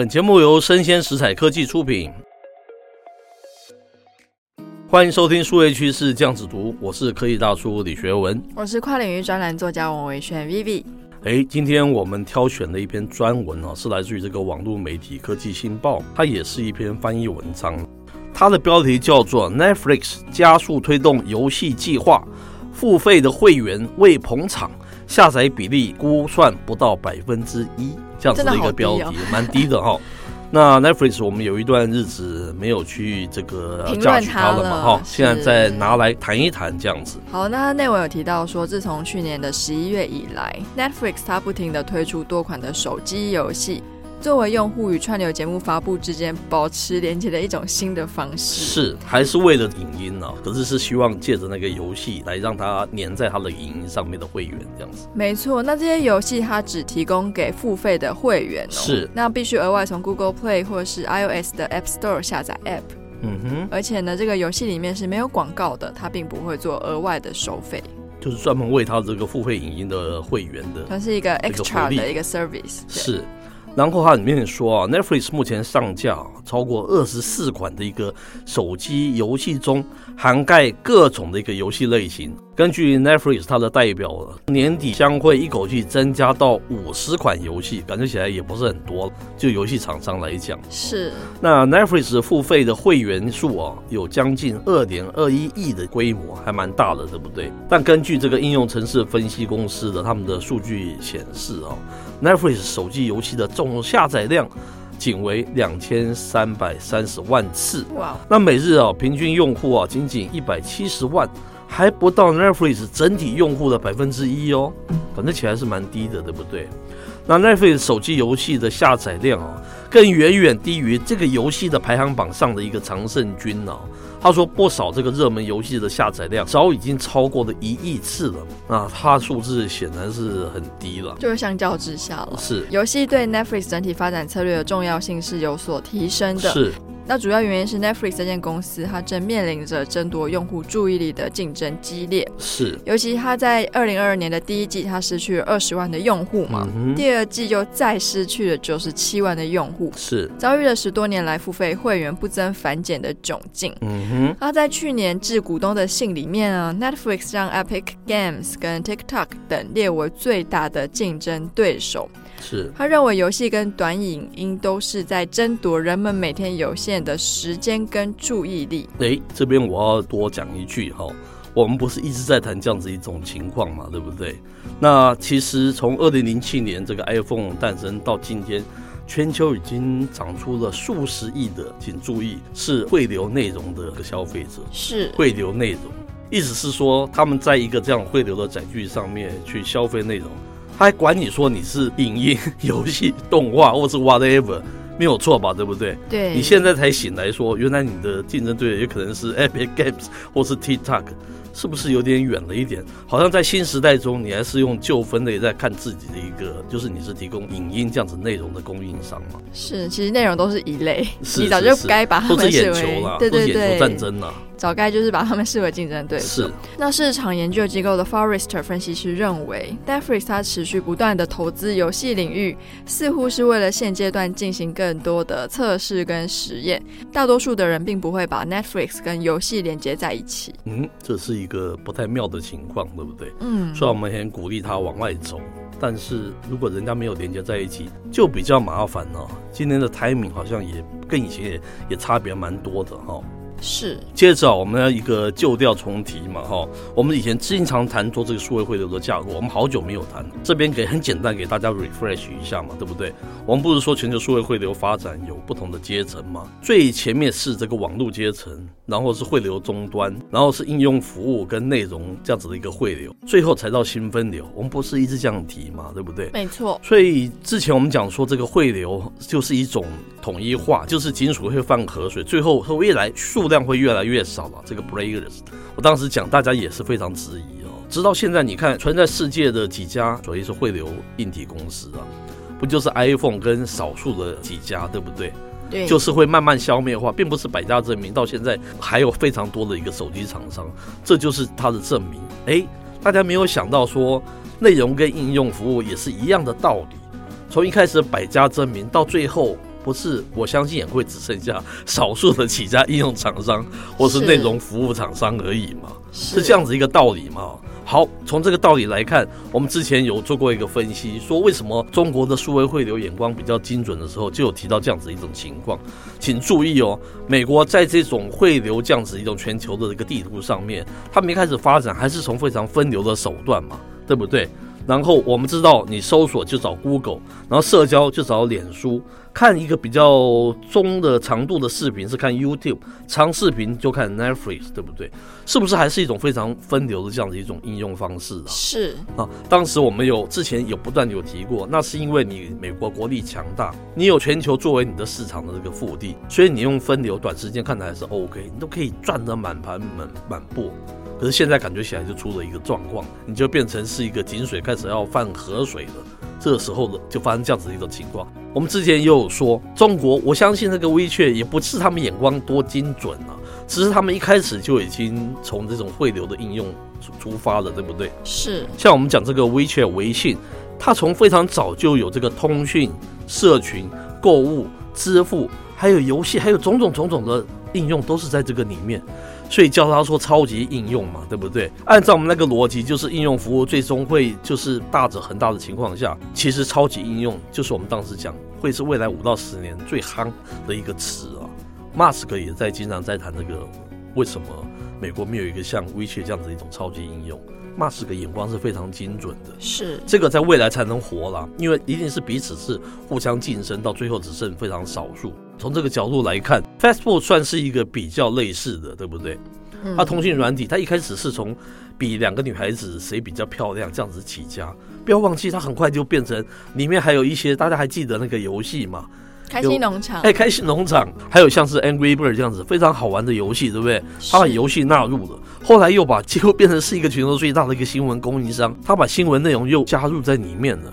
本節目由聲鮮時采科技出品，歡迎收聽數位趨勢醬子讀，我是科技大叔李學文，我是跨領域專欄作家王維軒 Vivi。哎，今天我們挑選的一篇專文啊，是來自於這個網絡媒體科技新報，它也是一篇翻譯文章，它的標題叫做 Netflix 加速推動遊戲計劃，付費的會員未捧場。下載比例估算不到百分之一，這樣子的一個標題，真的好低哦、蠻低的哈。 那 Netflix 我們有一段日子沒有去這個評論它了嘛哈，現在再拿來談一談這樣子。好，那內文有提到說，自從去年的十一月以來，Netflix 它不停地推出多款的手機遊戲。作為用戶與串流節目發佈之間保持連接的一種新的方式是，是還是為了影音呢、喔？可是是希望借着那個遊戲來讓它粘在它的影音上面的會員這樣子。沒錯，那這些遊戲它只提供給付費的會員、喔，是，那必須額外從 Google Play 或是 iOS 的 App Store 下載 App。嗯哼，而且呢，這個遊戲裡面是沒有廣告的，它並不會做額外的收費，就是專門為它這個付費影音的會員的，它是一個 extra 的一個 service，是。然後它裡面也說啊，Netflix 目前上架、啊、超過二十四款的一個手機遊戲中，涵蓋各種的一個遊戲類型。根據 Netflix 它的代表、啊，年底將會一口氣增加到五十款遊戲，感覺起來也不是很多。就遊戲廠商來講，是。那 Netflix 付費的會員數啊，有將近二點二一億的規模，還蠻大的，對不對？但根據這個應用程式分析公司的他們的數據顯示啊，Netflix 手機遊戲的。總下載量僅為兩千三百三十萬次，哇！那每日啊，平均用戶啊，僅僅一百七十萬，還不到 Netflix 整體用戶的百分之一哦。反正起來是蠻低的，對不對？那 Netflix 手機遊戲的下載量啊，更遠遠低於這個遊戲的排行榜上的一個常勝軍哦、啊。他說，不少這個熱門遊戲的下載量早已經超過了一億次了。那它數字顯然是很低了，就是相較之下了。是，遊戲對 Netflix 整體發展策略的重要性是有所提升的。是。那主要原因是 Netflix 這間公司，它正面臨着爭奪用戶注意力的競爭激烈。是，尤其它在二零二二年的第一季，它失去了二十萬的用戶嘛、嗯，第二季又再失去了九十七萬的用戶，是遭遇了十多年來付費會員不增反減的窘境。嗯哼，那在去年致股東的信裡面啊，Netflix 將 Epic Games 跟 TikTok 等列為最大的競爭對手。是，他認為遊戲跟短影音都是在爭奪人們每天有限的時間跟注意力。誒、欸，這邊我要多講一句哈，我們不是一直在談這樣子一種情況嘛，對不對？那其實從二零零七年這個 iPhone 誕生到今天，全球已經長出了數十億的，請注意是匯流內容的消費者，是匯流內容、容，意思是說他們在一個這樣匯流的載具上面去消費內容。他還管你說你是影音、遊戲、動畫，或是 whatever，沒有錯吧？對不對？對你現在才醒來說，原來你的競爭對手有可能是 Epic Games 或是 TikTok。是不是有點遠了一點？好像在新時代中，你還是用舊分類在看自己的一個，就是你是提供影音這樣子內容的供應商嘛？是，其實內容都是一類，你早就該把他們視為是是是眼球對對對戰爭了，早該就是把他們視為競爭對手。是。那市場研究機構的 Forrester 分析師認為，Netflix 它持續不斷的投資遊戲領域，似乎是為了現階段進行更多的測試跟實驗。大多數的人並不會把 Netflix 跟遊戲連接在一起。嗯，這是。一個不太妙的情況，對不對？嗯，雖然我們很鼓勵他往外走，但是如果人家沒有連接在一起，就比較麻煩了、哦。今天的 timing 好像也跟以前也也差別蠻多的哈、哦。是，接着啊，我們要一個舊調重提嘛，哈，我們以前經常談做這個數位匯流的架構，我們好久沒有談，這邊給很簡單給大家 refresh 一下嘛，對不對？我們不是說全球數位匯流發展有不同的階層嘛？最前面是這個網絡階層，然後是匯流終端，然後是應用服務跟內容這樣子的一個匯流，最後才到新分流。我們不是一直這樣提嘛，對不對？沒錯。所以之前我們講說這個匯流就是一種統一化，就是井水會犯河水，最後和未來數。量會越來越少了。這個 Breakers，我當時講，大家也是非常質疑哦。直到現在，你看，存在世界的幾家所謂是匯流硬體公司啊，不就是 iPhone 跟少數的幾家，對不對？對，就是會慢慢消滅的話，並不是百家爭鳴。到現在還有非常多的一個手機廠商，這就是它的證明。哎，大家沒有想到說，內容跟應用服務也是一樣的道理。從一開始百家爭鳴，到最後。不是，我相信也會只剩下少數的幾家應用廠商或是內容服務廠商而已嘛，是，是這樣子一個道理嘛。好，從這個道理來看，我們之前有做過一個分析，說為什麼中國的數位匯流眼光比較精準的時候，就有提到這樣子一種情況。請注意哦，美國在這種匯流這樣子一種全球的一個地圖上面，他們一開始發展還是從非常分流的手段嘛，對不對？然後我們知道，你搜索就找 Google，然後社交就找臉書。看一個比較中的長度的視頻是看 YouTube，長視頻就看 Netflix，對不對？是不是還是一種非常分流的這樣的一種應用方式啊？是啊，當時我們有之前有不斷有提過，那是因為你美國國力強大，你有全球作為你的市場的這個腹地，所以你用分流短時間看來還是 OK，你都可以賺得滿盤滿滿缽。可是現在感覺起來就出了一個狀況，你就變成是一個井水開始要犯河水了。這時候呢，就發生這樣子的一種情況。我們之前也有說中國，我相信這個 WeChat 也不是他們眼光多精準啊，只是他們一開始就已經從這種匯流的應用出出發了，對不對？是。像我們講這個 WeChat 微信，它從非常早就有這個通訊、社群、購物、支付，還有遊戲，還有種種種種的。應用都是在這個裡面，所以叫他說超級應用嘛，對不對？按照我們那個邏輯，就是應用服務最終會就是大者恆大的情況下，其實超級應用就是我們當時講會是未來五到十年最夯的一個詞啊。馬斯克也在經常在談這個，為什麼美國沒有一個像 WeChat 這樣子一種超級應用？馬斯克眼光是非常精準的是，是這個在未來才能活了，因為一定是彼此是互相晉升，到最後只剩非常少數。從這個角度來看，Facebook 算是一個比較類似的，對不對？嗯、它通訊軟體，它一開始是從比兩個女孩子誰比較漂亮這樣子起家。不要忘記，它很快就變成裡面還有一些大家還記得那個遊戲嘛？開心農場。哎，開心農場，還有像是 Angry Bird 這樣子非常好玩的遊戲，對不對？它把遊戲納入了，後來又把結果變成是一個全球最大的一個新聞供應商，它把新聞內容又加入在裡面了。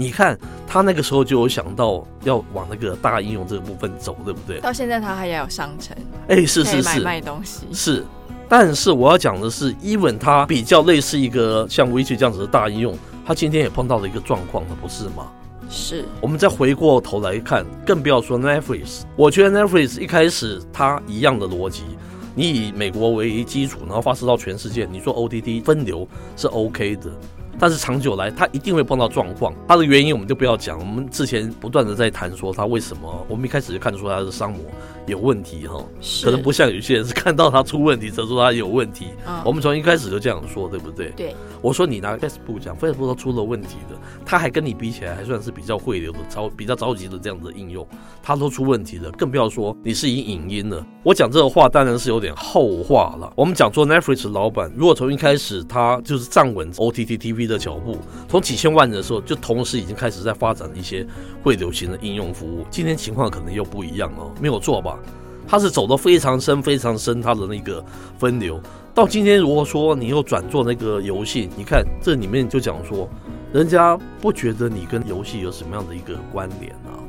你看，他那個時候就有想到要往那個大應用這個部分走，對不對？到現在他還要有商城，哎、欸，是是是，賣東西是。但是我要講的是，Even 他比較類似一個像 WeChat 這樣子的大應用，他今天也碰到了一個狀況了，不是嗎？是。我們再回過頭來看，更不要說 Netflix。我覺得 Netflix 一開始它一樣的邏輯，你以美國為基礎，然後發射到全世界，你做 O T T 分流是 OK 的。但是長久來，他一定會碰到狀況，他的原因我們就不要講。我們之前不斷的在談說他為什麼，我們一開始就看出他的商模有問題哈，可能不像有些人是看到他出問題才說他有問題。我們從一開始就這樣說，對不對？對，我說你拿 Facebook 講，Facebook 都出了問題的，他還跟你比起來還算是比較會流的着，比較着急的這樣子的應用，他都出問題了，更不要說你是以影音音了。我講這個話當然是有點後話了。我們講做 Netflix 老板，如果從一開始他就是站穩 OTT TV 的。的腳步從幾千萬人的時候，就同時已經開始在發展一些會流行的應用服務。今天情況可能又不一樣哦，沒有錯吧？他是走得非常深，非常深，他的那個分流到今天，如果說你又轉做那個遊戲，你看這裡面就講說，人家不覺得你跟遊戲有什麼樣的一個關聯呢、啊？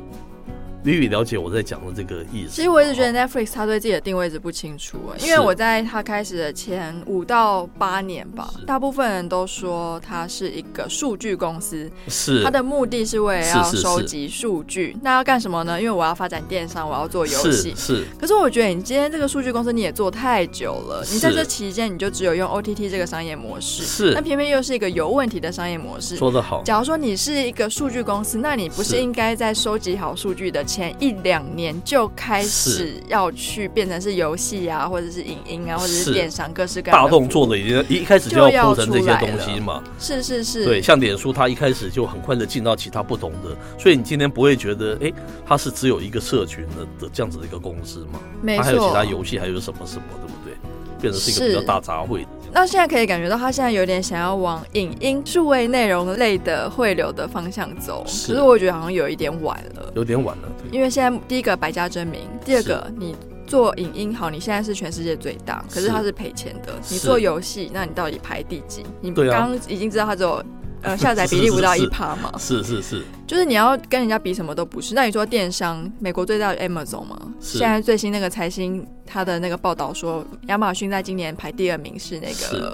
你已了解我在講的這個意思。其實我一直覺得 Netflix 它對自己的定位是不清楚、欸，因為我在它開始的前五到八年吧，大部分人都說它是一個數據公司，是。它的目的是為了要收集數據。那要幹什麼呢？因為我要發展電商，我要做遊戲，是。可是我覺得你今天這個數據公司你也做太久了，你在這期間你就只有用 OTT 這個商業模式，是。那偏偏又是一個有問題的商業模式。說得好。假如說你是一個數據公司，那你不是應該在收集好數據的？前一兩年就開始要去變成是遊戲啊，或者是影音啊，或者是電商，各式各樣的大動作的已經一一開始就要鋪成這些東西嘛。是是是，對，像臉書，它一開始就很快的進到其他不同的，所以你今天不會覺得哎、欸，它是只有一個社群的的這樣子的一個公司嘛？沒錯，它還有其他遊戲，還有什麼什麼，對不對？變成是一個比較大雜燴的。那現在可以感覺到，他現在有點想要往影音數位內容類的匯流的方向走，可是我覺得好像有一點晚了，有點晚了。對。因為現在第一個百家爭鳴，第二個你做影音好，你現在是全世界最大，可是他是賠錢的。是，你做遊戲，那你到底排第幾？你剛剛已經知道他做。 呃，下載比例不到一趴嘛？是是是，是，就是你要跟人家比什麼都不是。那你說電商，美國最大的 Amazon 嗎？是。現在最新那個財新他的那個報道說，亞馬遜在今年排第二名是那個。是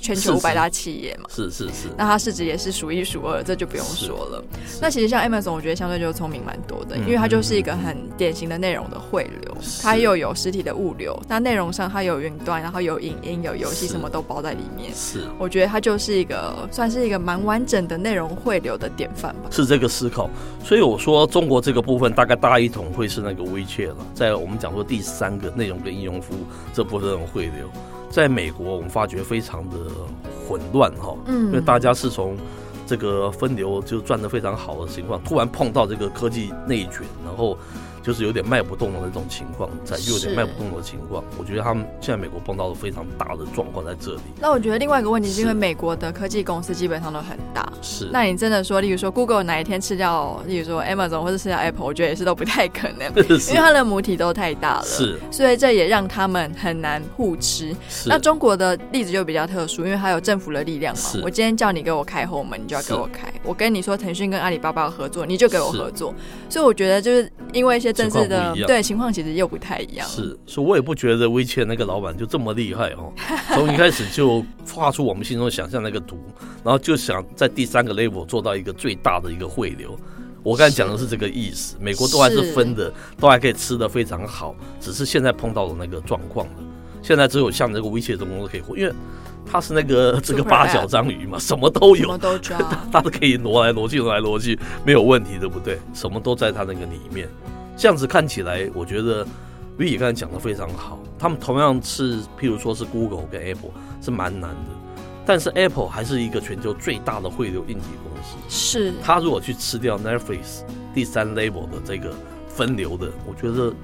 全球五百大企業嘛，是是是,是，那它市值也是數一數二，這就不用說了。是是那其實像 Amazon，我覺得相對就聰明蠻多的，因為它就是一個很典型的內容的匯流，嗯嗯嗯它又有實體的物流，那內容上它有雲端，然後有影音、有遊戲，什麼都包在裡面。是,是，我覺得它就是一個算是一個蠻完整的內容匯流的典範吧。是這個思考，所以我說中國這個部分大概大一統會是那個 WeChat 嘛，在我們講說第三個內容跟應用服務這不是那種匯流。在美國，我們發覺非常的混亂哈嗯，因為大家是從這個分流就賺得非常好的情況，突然碰到這個科技內卷，然後。就是有點賣不動的那種情況，在有點賣不動的情況，我覺得他們現在美國碰到了非常大的狀況在這裡。那我覺得另外一個問題是因為美國的科技公司基本上都很大，是。那你真的說，例如說 Google 哪一天吃掉，例如說 Amazon 或者吃掉 Apple，我覺得也是都不太可能，因為它的母體都太大了，是。所以這也讓他們很難互吃。那中國的例子就比較特殊，因為它有政府的力量嘛。我今天叫你給我開後門，你就要給我開。我跟你說騰訊跟阿里巴巴合作，你就給我合作。所以我覺得就是因為一些。情況不一樣的對，對情況其實又不太一樣。是，所以我也不覺得威切那個老闆就這麼厲害哦。從一開始就畫出我們心中想象那個圖，然後就想在第三個 level 做到一個最大的一個匯流。我剛才講的是這個意思。美國都還是分的，都還可以吃的非常好，只是現在碰到的那個狀況。現在只有像這個威切這種公司可以活，因為它是那個這個八角章魚嘛，什麼都有，都 他它都可以挪來挪去，挪來挪去沒有問題，對不對？什麼都在它那個裡面。這樣子看起來，我覺得 v 野剛才講的非常好。他們同樣是，譬如說是 Google 跟 Apple，是蠻難的。但是 Apple 還是一個全球最大的匯流硬體公司是，是他如果去吃掉 Netflix 第三 level 的這個分流的，我覺得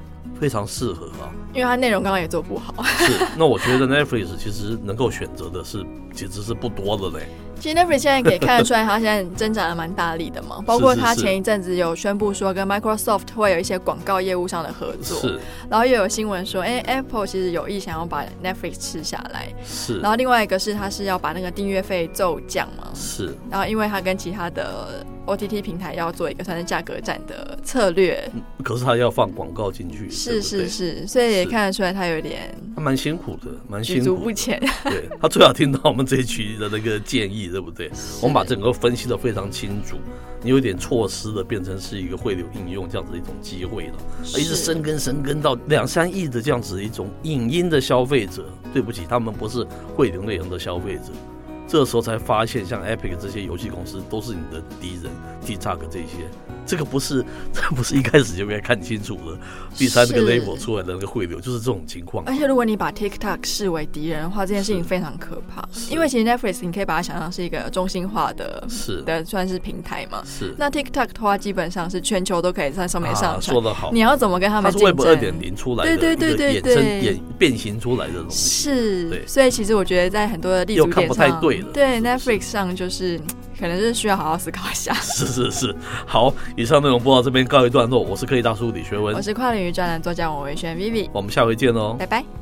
非常適合啊。因為它內容剛剛也做不好。是，那我覺得 Netflix 其實能夠選擇的是，其實是不多的嘞。其實 Netflix 現在可以看得出來，它現在增長得蠻大力的嘛。包括它前一陣子有宣布說，跟 Microsoft 會有一些廣告業務上的合作。是，是，然後又有新聞說，欸，Apple 其實有意想要把 Netflix 吃下來。是，是，然後另外一個是，它是要把那個訂閱費驟降嘛。是，然後因為它跟其他的。OTT 平台要做一個算是價格戰的策略，可是他要放廣告進去，是是是，對對，所以也看得出來他有點，他蠻辛苦的，蠻辛苦的， 對，他最好聽到我們這一局的那個建議，對不對？我們把整個分析的非常清楚，你有點錯失的變成是一個匯流應用這樣子一種機會了，是而一直深耕深耕到兩三億的這樣子的一種影音的消費者，對不起，他們不是匯流內容的消費者。這時候才發現，像 Epic 這些遊戲公司都是你的敵人 TikTok 這些。這個不是，這不是一開始就被看清楚了。第三個 label 出來的那個匯流就是這種情況。而且，如果你把 TikTok 視為敵人的話，這件事情非常可怕。因為其實 Netflix 你可以把它想象是一個中心化的，是的，算是平台嘛。是。那 TikTok 的話，基本上是全球都可以在上面上傳。啊、說得好。你要怎麼跟他們競爭？它是 Web 二點零出來的，對對對對,對,衍變形出來的東西。是。所以，其實我覺得在很多的立足點上看不太對,了對是是 Netflix 上就是。可能是需要好好思考一下。 是是是，好，以上內容播到這邊告一段落。我是科技大叔李學文，我是跨領域專欄作家王維軒 Vivi，我們下回見哦，拜拜。